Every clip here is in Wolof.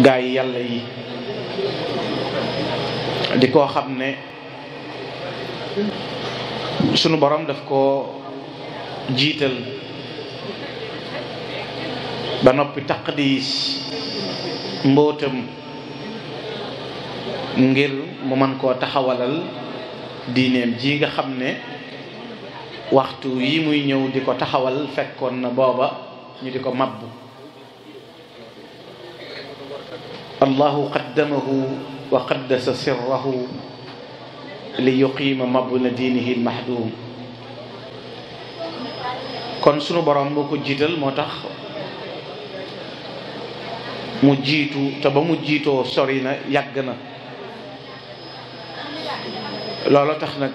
gaa yi yàlla yi di koo xam ne sunu borom daf koo jiital ba noppi di mbóotam ngir mu mën koo taxawalal diineem ji nga xam ne waxtu yi muy ñëw di ko taxawal fekkoon na booba ñu di ko mabbu allahu qaddamahu wa qaddasa sirrahu li yuqiima mabna diinihi lmahdum kon sunu borom moo ko jiital moo tax mu jiitu te ba mu jiitoo sori na yàgg na loolu tax nag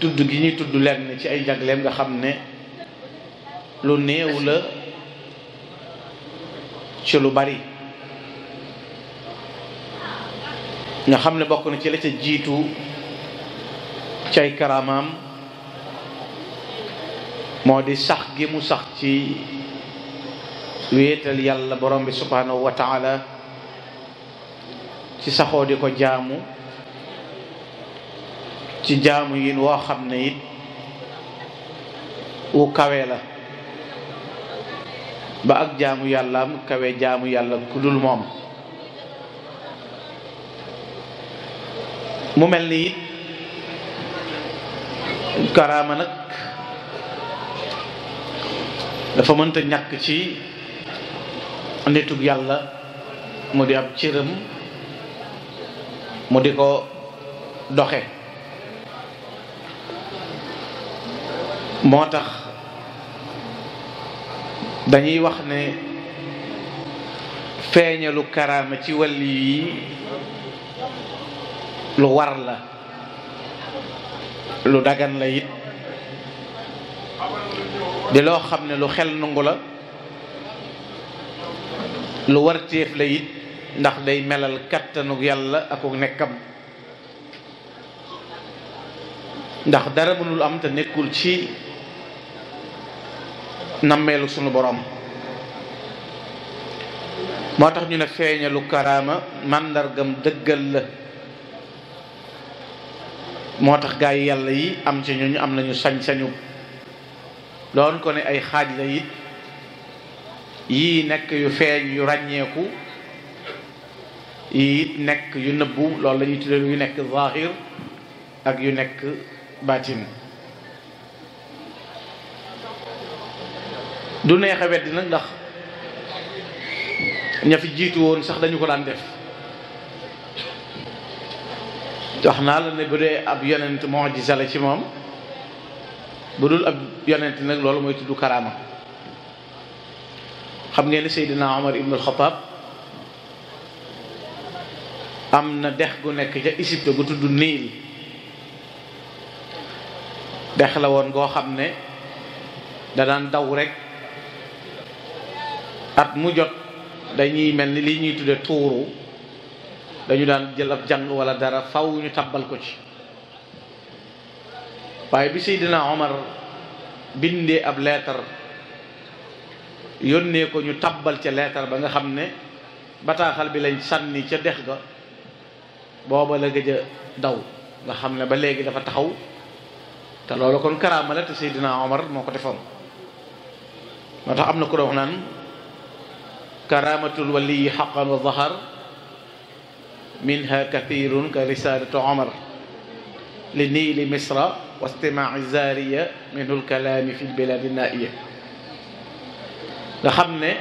tudd gi ñuy tudd lenn ci ay jagleem nga xam ne lu néew la ci lu bari nga xam ne bokk na ci la ca jiitu cay karaamaam moo di sax gi mu sax ci wéetal yàlla borom bi subhanahu wa taala ci saxoo di ko jaamu ci jaamu yin woo xam ne it wu kawe la ba ak jaamu yàllaam kawe jaamu yàlla ku dul moom mu mel ni it karaama nag dafa mënta ñàkk ci nitug yàlla mu di ab cëram mu di ko doxe moo tax dañuy wax ne feeñalu karaama ci wàll yi lu war la lu dagan la it di loo xam ne lu xel nangu la lu warteef la it ndax day melal kattanug yàlla ak nekkam ndax dara mënul am te nekkul ci nammeelu sunu borom moo tax ñu ne feeñalu karaama màndargam dëggal la moo tax gaa yi yàlla yi am ci ñooñu am nañu sañ-sañu doon ko ne ay xaaj la it yii nekk yu feeñ yu ràññeeku yii it nekk yu nëbbu lool la ñuy tuddee yu nekk zahir ak yu nekk baatin du neex a nag ndax ña fi jiitu woon sax dañu ko daan def wax naa la ne bu dee ab yonent moo jisa la ci moom bu dul ab yonent nag loolu mooy tudd karaama xam ngeen ne Seydina Omar ibnul Xataab am na dex gu nekk ca Égypte gu tudd Niil dex la woon goo xam ne da daan daw rek at mu jot dañuy mel ni li ñuy tudde tuuru dañu daan jël ab jàng wala dara faw ñu tabbal ko ci waaye bi Seydina Omar bindee ab leetar yónnee ko ñu tabbal ca leetar ba nga xam ne bataaxal bi lañ sànni ca dex ga booba la gëj daw nga xam ne ba léegi dafa taxaw te loolu kon karaama la te Seydina Omar moo ko defoon moo tax am na ku doon naan karaamatul waliyi xaqan wa zahar منها كثير كرسالة عمر لنيل مصر واستماع الزارية منه الكلام في البلاد النائية nga xam ne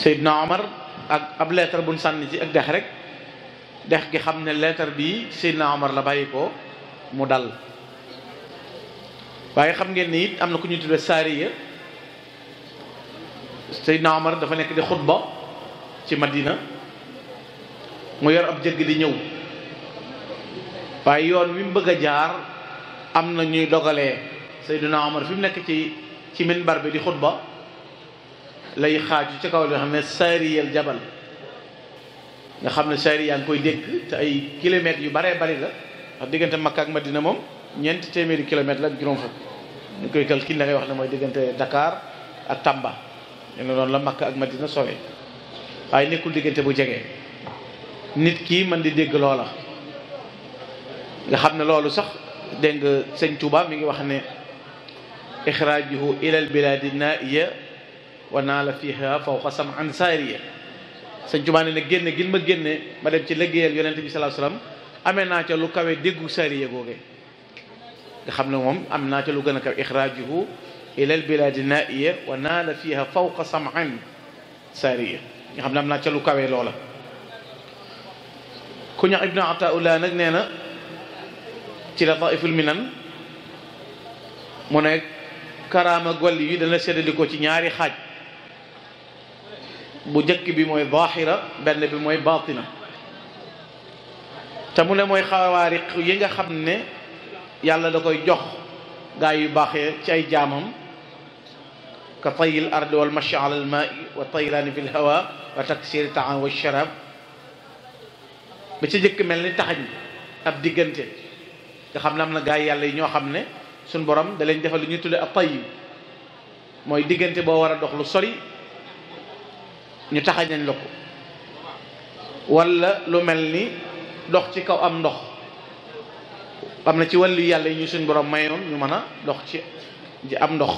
Seydina Omar ak ab leetar buñ sànni ci ak dex rek dex gi xam ne leetar bii Seydina Omar la bàyyi ko mu dal waaye xam ngeen ni am na ku ñu tudde Saariya Seydina Omar dafa nekk di xutba ci Madina mu yor ab jëgg li ñëw waaye yoon wi mu bëgg a jaar am na ñuy dogalee Seydina Omar fi mu nekk ci ci minbar bi di xutba lay xaaju ci kaw li xam ne saariyal jabal nga xam ne saari yaa koy dégg te ay kilomètres yu baree bari la wax diggante Makka ak Madina moom ñeenti téeméeri kilomètres la ak juróom fukk ñu koy calcul da ngay wax ne mooy diggante dakaar ak Tamba ñu noonu la makk ak Madina sore waaye nekkul diggante bu jege. nit kii man di dégg loola nga xam ne loolu sax dégg nga sëñ Tuuba mi ngi wax ne ixraajuhu ilal bilaadi naaiya wa naa la fiha fawqa sam an saariya sëñ Tuuba ne ne ma génne ma dem ci liggéeyal yonente bi salaa salaam amee naa ca lu déggu saariya googe nga xam ne moom am naa ca lu gën a kawe ixraajuhu ilal bilaadi naaiya wa naa la fiha fawqa sam an saariya nga xam ne am naa ca lu kawe loola ku ñax ibnu ataullah nag nee na ci lataiful minan mu ne karaama gol yi dana séddadikoo ci ñaari xaaj bu njëkk bi mooy zaahira benn bi mooy baatina te mu ne mooy xawaariq yi nga xam ne yàlla da koy jox gaa yu baaxee ci ay jaamam ka tayil ardi wal mashi ala al wa taylaani fi l wa taksir taan wa sharab ba ca jëkk mel ni taxañ ab diggante nga xam ne am na gaa yi yàlla yi ñoo xam ne suñ borom da defal lu ñuy tudde ab tayyib mooy diggante boo war a dox lu sori ñu taxañañ la ko wala lu mel ni dox ci kaw am ndox am na ci wàllu yàlla yi ñu suñ borom mayoon ñu mën a dox ci ji am ndox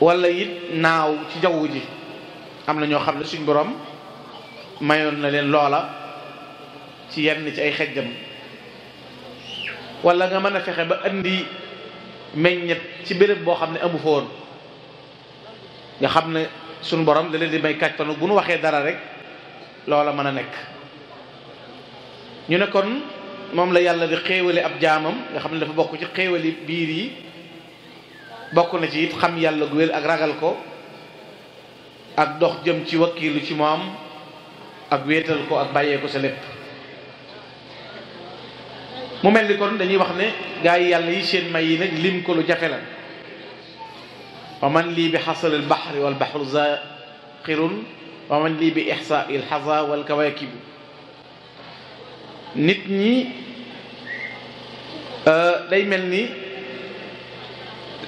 wala it naaw ci jaww ji am na ñoo xam ne suñ borom mayoon na leen loola ci yenn ci ay xejjam wala nga mën a fexe ba indi meññet ci bërëb boo xam ne amu fa woon nga xam ne suñ borom da leen di may kàttanu bu nu waxee dara rek loola mën a nekk ñu ne kon moom la yàlla di xéewale ab jaamam nga xam ne dafa bokk ci xéewali biir yi bokk na ci it xam yàlla gu wér ak ragal ko ak dox jëm ci wakkiilu ci moom ak wéetal ko ak bàyyee sa lépp mu mel ni kon dañuy wax ne gaa yi yàlla yi seen may yi nag lim ko lu jafe la wa man lii bi xasalil baxri wal baxru zaqirun wa man lii bi ixsaa il xasa wal kawaakibu nit ñi euh, day mel ni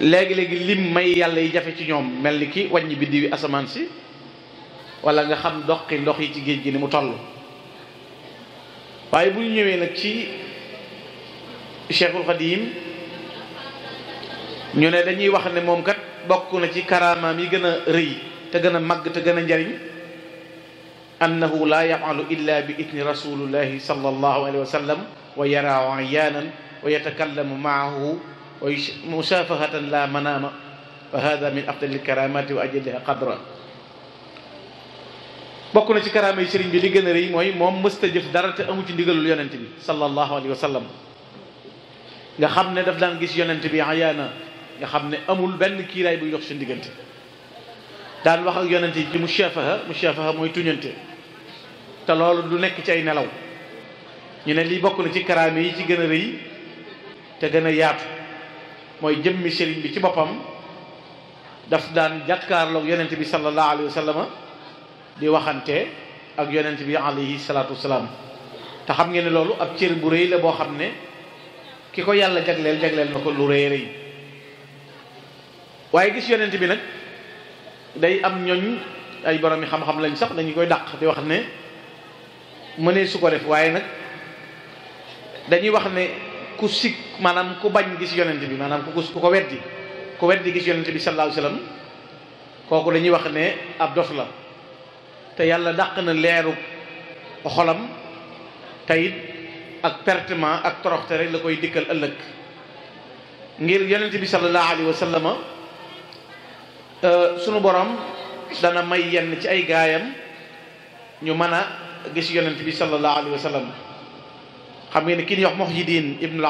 léegi-léegi lim may yàlla yi jafe ci ñoom mel ni ki wàññi biddi wi asamaan si wala nga xam doqi ndox yi ci géej gi ni mu toll waaye bu ñëwee nag ci Cheikhul Xadim ñu ne dañuy wax ne moom kat bokk na ci karaamaam yi gën a rëy te gën a màgg te gën a njariñ annahu laa yafalu illa bi idni rasulillahi sallallahu alayhi wa sallam wa yaraa ayaanan wa yatakallamu maahu wa musaafahatan la manaama fa hada min afdali alkaramati wa ajaliha qadra bokk na ci karaama yi sëriñ bi li gën a rëy mooy moom mësta jëf dara te amu ci ndigalul yonent bi sallallahu alayhi wa sallam nga xam ne daf daan gis yonent bi ayaana nga xam ne amul benn kiiraay buy dox si diggante daan wax ak yonent yi ci mushafaha mushafaha mooy tuñante te loolu du nekk ci ay nelaw ñu ne lii bokk na ci karaama yi ci gën a rëy te gën a yaatu mooy jëmmi sëriñ bi ci boppam daf daan jàkkaarloog yonent bi sallallahu alayhi wa sallam di waxante ak yonent bi alayhi salaatu salaam te xam ngeen ne loolu ab cër bu rëy la boo xam ne ki ko yàlla jagleel jagleel na ko lu rëy rëy waaye gis yonent bi nag day am ñooñ ay borom yi xam-xam lañ sax dañu koy dàq di wax ne mënee su ko def waaye nag dañuy wax ne ku sikk maanaam ku bañ gis yonent bi maanaam ku ku ko weddi ku weddi gis yonent bi sallallahu alayhi wasallam kooku dañuy wax ne ab dof la te yàlla dàq na leeru xolam tayit ak pertement ak toroxte rek la koy dikkal ëllëg ngir yonent bi sallallahu alayhi wa euh, sunu borom dana may yenn ci ay gaayam ñu mën a gis yonent bi sallallahu alayhi wa sallam xam ngeen ne ki ñuy wax Muhyiddin Ibn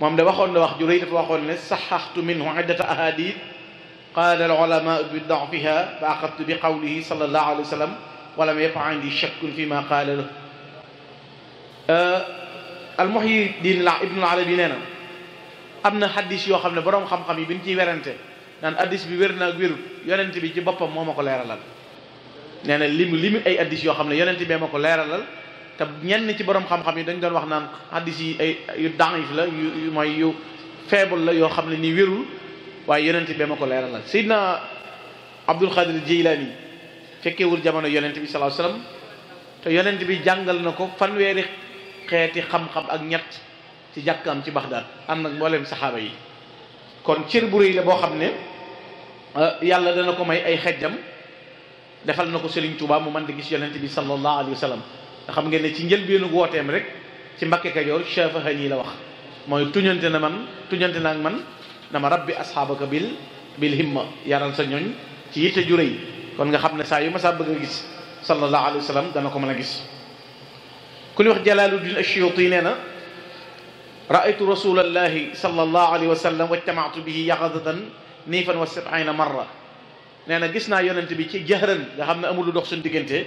moom da waxoon na wax ju rëy dafa waxoon ne saxaxtu minhu iddata ahadith qaala al-ulamaa'u bi da'fihaa fa axadtu bi qawlihi sallallahu alayhi wa sallam wa lam yaqa indi shakkun ma qaala lahu al-Muhyiddin Ibn al-Arabi nee na am na xaddis yoo xam ne boroom xam-xam yi bi ñu ciy werante naan addis bi wér na ak wérut yonent bi ci boppam moo ma ko leeralal nee na limu limu ay addis yoo xam ne yonent bee ma ko leeralal te ñenn ci borom xam-xam yi dañ doon wax naan addis yi ay yu daif la yu mooy yu faible la yoo xam ne nii wérul waaye yonent bi ma ko leeralal Seydina Abdul Xaadir Jeylaani fekkewul jamono yonent bi sallallahu alayhi wa te yonent bi jàngal na ko fanweeri xeeti xam-xam ak ñett ci jàkkaam ci Baxdaad am nag mboolem saxaaba yi kon cër bu rëy boo xam ne ah, yàlla dana ko may ay xejjam defal na ko Serigne Touba mu mën di gis yonent bi sallallahu alayhi wa nga xam ngeen ne ci njëlbéenu wooteem rek ci Mbakke Kajoor Chaafa hani la wax mooy tuñante na man tuñante na man dama rabbi asxaabaka bil bil himma yaral sa ñooñ ci yitte ju rëy kon nga xam ne saa yu ma saa bëgg a gis sallallahu alayhi wa sallam dana ko mën a gis ku ñu wax Jalaaluddin Ashiyuti nee na raaytu rasulallahi sallallahu alayhi wa sallam wajtamaatu bihi yaxadatan niifan wa sab'iina marra nee na gis naa yonent bi ci jahran nga xam ne amul lu dox suñu diggante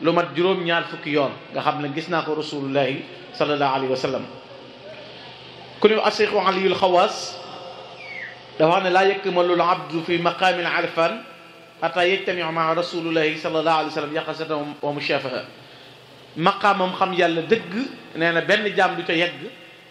lu mat juróom-ñaar fukki yoon nga xam ne gis naa ko rasulullahi sallallahu alayhi wa sallam ku ñu wax Asiixu Aliyul Xawaas dafa wax ne laa ma yakmalul abdu fi maqaamin arifan xata yajtamiu maa rasulullahi sallallahu alayhi wa sallam yaqasatan wa mushafaha maqaamam xam yàlla dëgg nee na benn jaam du ca yegg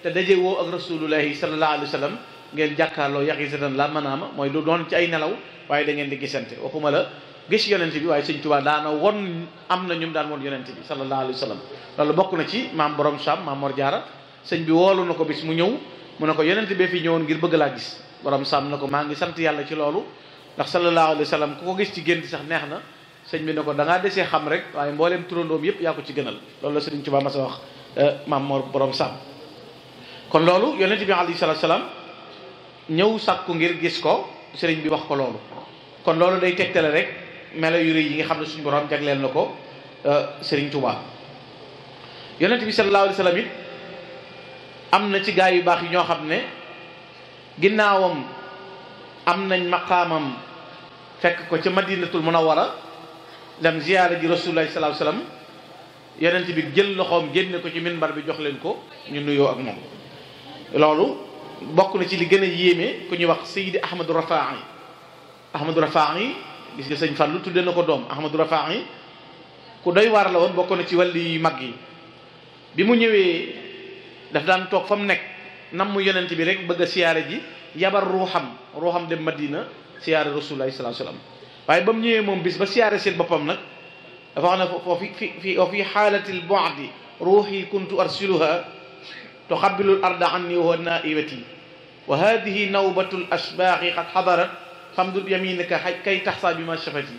te daje woo ak rasulullahi sallallahu alayhi wa sallam ngeen jàkkaarloo yaqasatan la manaama mooy du doon ci ay nelaw waaye da di gisante waxuma la gis yonent bi waaye sëñ Tuubaa daana won am na ñoom daan woon yonent bi sallallahu alayhi wa sallam loolu bokk na ci maam borom Sam maam Mor Jaara sëñ bi woolu na ko bis mu ñëw mu ne ko yonent bee fi ñëwoon ngir bëgg laa gis borom sàmm na ko maa ngi sant yàlla ci loolu ndax sallallahu alayhi wa sallam ku ko gis ci gént sax neex na sëñ bi ne ko da ngaa desee xam rek waaye mbooleem turandoom yëpp yaa ko ci gënal loolu la sëriñ Tuubaa ma sa wax eh, maam Mor borom sàmm kon loolu yonent bi alayhi salaatu salaam ñëw sàkku ngir gis ko sëriñ bi wax ko loolu kon loolu day tegtale rek melo yu yi nga xam ne suñu borom jagleel na ko eh, sëriñ Tuubaa yonent bi sallallahu alayhi wa sallam it am na ci gaa yu baax yi ñoo xam ne ginnaawam am nañ maqaamam fekk ko ca madinatul munawara dem ziyaara ji rasulullahi sallallahu alayhi wasallam yonent bi jël loxoom génne ko ci minbar bi jox leen ko ñu nuyoo ak moom loolu bokk na ci li gën a yéeme ku ñuy wax Seydi Ahmadou Rafahi Ahmadou Rafahi gis nga sëñ Fallou tudde na ko doom Ahmadou Rafahi ku doy waar la woon bokk na ci wàlli mag yi bi mu ñëwee daf daan toog fa mu nekk nam mu yonent bi rek bëgg a siyaare ji yabar ruuxam ruuxam dem madina siyaare rasulullahi sallallahu alayhi wasallam waaye ba mu ñëwee moom bis ba siyaare seen boppam nag dafa wax ne foo fi fi wa fi xaalati l bodi ruuxi kuntu arsiluha tuxabilu l arda anni wa naibati wa hadihi nawbatu l asbaaqi qad xadarat famdud yaminika kay taxsa bi ma shafati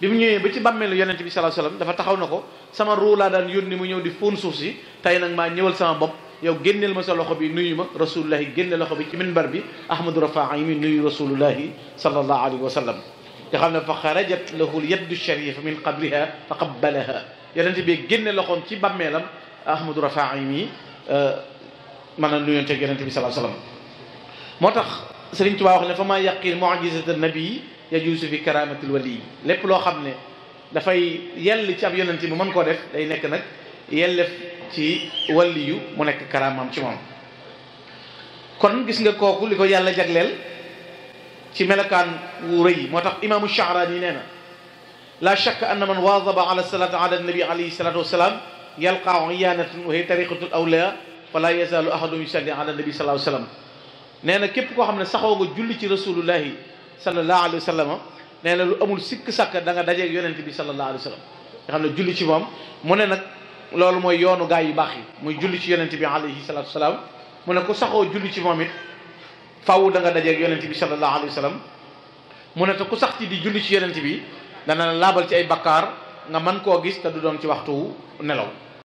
bi mu ñëwee ba ci bàmmeelu yonent bi sallallahu alayhi wasallam dafa taxaw na ko sama ruu laa daan yónni mu ñëw di fóon suuf si tey nag maa ñëwal sama bopp yow génneel ma sa loxo bi nuyu ma rasulullahi génne loxo bi ci minbar bi ahmadou rafaa yi mi nuyu rasulullahi sallallahu alayhi wa sallam nga xam ne fa xarajat lahu lyaddu sharifa min qabriha fa qabbalaha yonente bi génne loxoom ci bàmmeelam ahmadou rafaa yi mi euh, mën a nuyonteeg yonente bi salaa sallam moo tax Sëriñ Tuubaa wax ne fa maa yaqin mojisat nabii yajuusu fi karamatil wali lépp loo xam ne dafay yell ci ab yonente bi mën koo def day nekk nag yellef ci yu mu nekk karaamam ci moom kon gis nga kooku li ko yàlla jagleel ci melekaan wu yi moo tax imaamu Sha'raani nee na laa shakka anna man waadaba ala salaati ala nabi alayhi salaatu wasalaam yalqaa iyaanatan wa hiya tariqatul awliyaa fala yazaalu ahadun yusalli ala nabi sallallahu alayhi wasallam nee na képp koo xam ne saxoo nga julli ci rasulullahi sallallahu alayhi wasallam nee na lu amul sikk sàkk da nga dajeeg yonent bi sallallahu alayhi wasallam nga xam ne julli loolu mooy yoonu gaa yi baax yi muy julli ci yonent bi alayhi salaatu salaam mu ne ku saxoo julli ci moom it faaw da nga dajeeg yonent bi sallallahu alayhi wa sallam mu ne te ku sax ci di julli ci yonent bi dana laabal ci ay bakkaar nga mën koo gis te du doon ci waxtu nelaw.